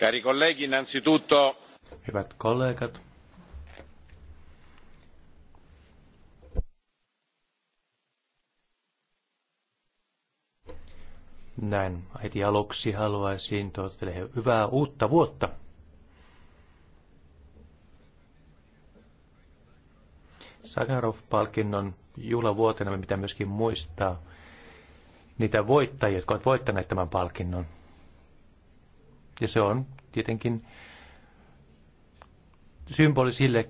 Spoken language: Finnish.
Cari colleghi, innanzitutto... Hyvät kollegat, Näin heti aluksi haluaisin toivottaa hyvää uutta vuotta. Sakharov-palkinnon juhlavuotena me pitää myöskin muistaa niitä voittajia, jotka ovat voittaneet tämän palkinnon. Ja se on tietenkin symboli sille,